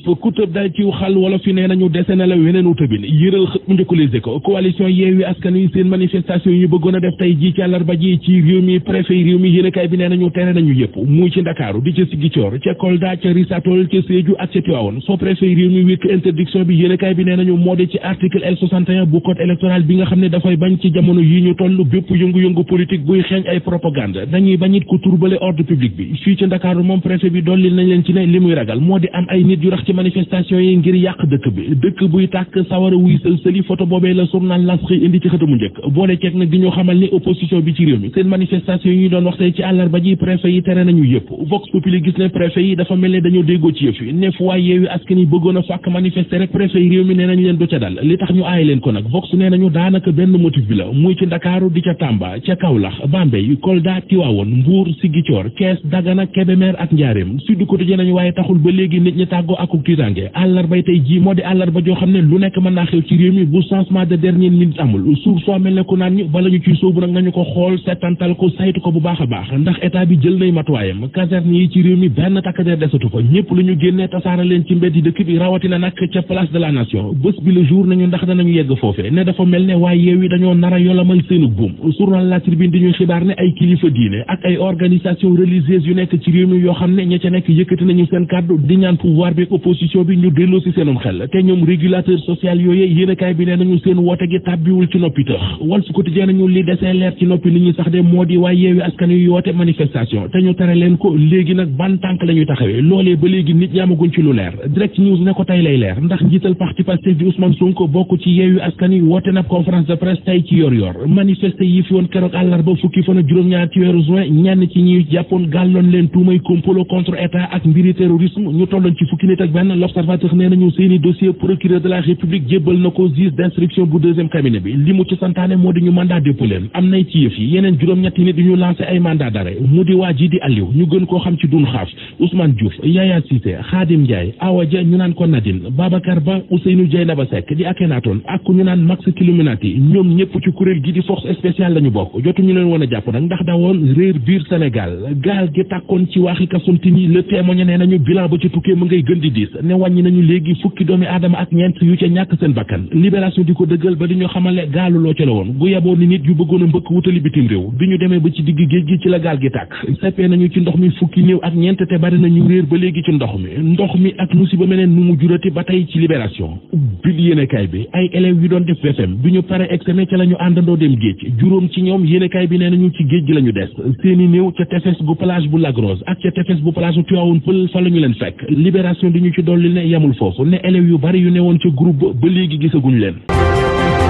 tëb ku tëb dal ci xal wala fi nee nañu dese na la weneenu tëbin yëral xët mu njëkk Les Échos coalition Yewwi Askan Wi seen manifestation yi ñu bëggoon def tey ji ci àllarba ji ci réew mi préfet yi réew mi yéenekaay bi nee nañu tere nañu yëpp muy ci Ndakaaru di ca Ziguinchor ca Kolda ca Risatol ca Sédhiou ak ca Tivaouane soo préfet yi réew mi wékk interdiction bi yéenekaay bi nee nañu moo de ci article L61 bu code électoral sax ci manifestation yi ngir yàq dëkk bi dëkk buy tàkk sawara wuy sël sëli photo boobee la journal L'As xëy indi ci xëtamu njëkk boole ceeg nag di ñu xamal ni opposition bi ci réew mi seen manifestation yi ñu doon wax ci àllarba ji yi tere nañu yëpp vox populi gis ne préfet yi dafa mel dañoo déggoo ci yëf yi ne fu waay yeewi yi bëggoon a fàkk manifester rek préfet yi réew mi nee nañ leen du ca dal li tax ñu aaye leen ko nag vox nee nañu daanaka yokku tiitange àllarbay tey jii moo di àllarba joo xam ne lu nekk mën naa xew ci réew mi bu changement de dernière minute amul suuf soo mel ne ku naan ñu bala ñu ciy nañu a ndax état ñu yegg foofe ne dafa mel ne waaye yeew yi dañoo nar a yolamal buum journal La Tribune di ñuy xibaar ne ay kilifa diine ak ay organisation religieuse yu nekk ci réew mi yoo xam ne ña nekk yëkkati nañu seen kàddu di ñaan pouvoir bi opposition bi ñu delloo seenum xel te ñoom régulateur social yooyu yéenekaay bi nee nañu seen woote gi tàbbiwul ci noppi tëx Walf Quotidien nañu li ñu tere leer ndax njiital parti Pastef di Ousmane Sonko bokk ci yeewi askan woote na conférence de presse tey ci yor yor manifesté yi fi woon keroog àllarba fukki fan juróom-ñaar ci weeru juin ñenn ci ñi jàppoon gàlloon leen tuumay complot contre état ak mbiri terrorisme ñu tolloon ci fukki nit ak benn l'observateur nee nañu seeni dossier procureur de la république jébbal na ko juge d'instruction bu deuxième cabinet bi li ci santaane moo di ñu mandat dépôt leen am nay ci yi yeneen juróom-ñetti nit ñu lancé ay mandat d'arrêt mu di waa ji di Aliou ñu gën koo xam ci dun xaaf Ousmane Diouf Yaya Cissé Khadim Ndiaye Awa Dia ñu naan ko Nadine Babacar Ba Ousseynou Dieynaba Seck di Akhenaton ak ñu naan Max Killuminati ñoom ñëpp ci kuréel gi di force spéciale la ñu bokk jotu ñu leen woon a da woon réer biir Sénégal gaal gi tàkkoon ci waaxi Kasumtini le témoigné 2010 ne wàññi nañu léegi fukki doomi aadama ak ñeent yu ca ñàkk seen bakkan libération di ko dëggal ba di ñu xamal ne ca la woon gu yeboo ni nit yu bëggoon a mbëkk wutali bitim réew bi ñu demee ba ci digg géej gi ci la gaal gi tàkk seppee nañu ci ndox mi fukki néew ak ñeent te bari nañu réer ba léegi ci ndox mi ndox mi ak musiba meneen nu mu jurati ba tey ci libération bil yéenekaay bi ay élèves yu doon def BFM bi ñu pare examen ca la ñu ci dolli ne yemul foofu ne élèves yu bari yu ne woon ca groupe ba léegi gisaguñ leen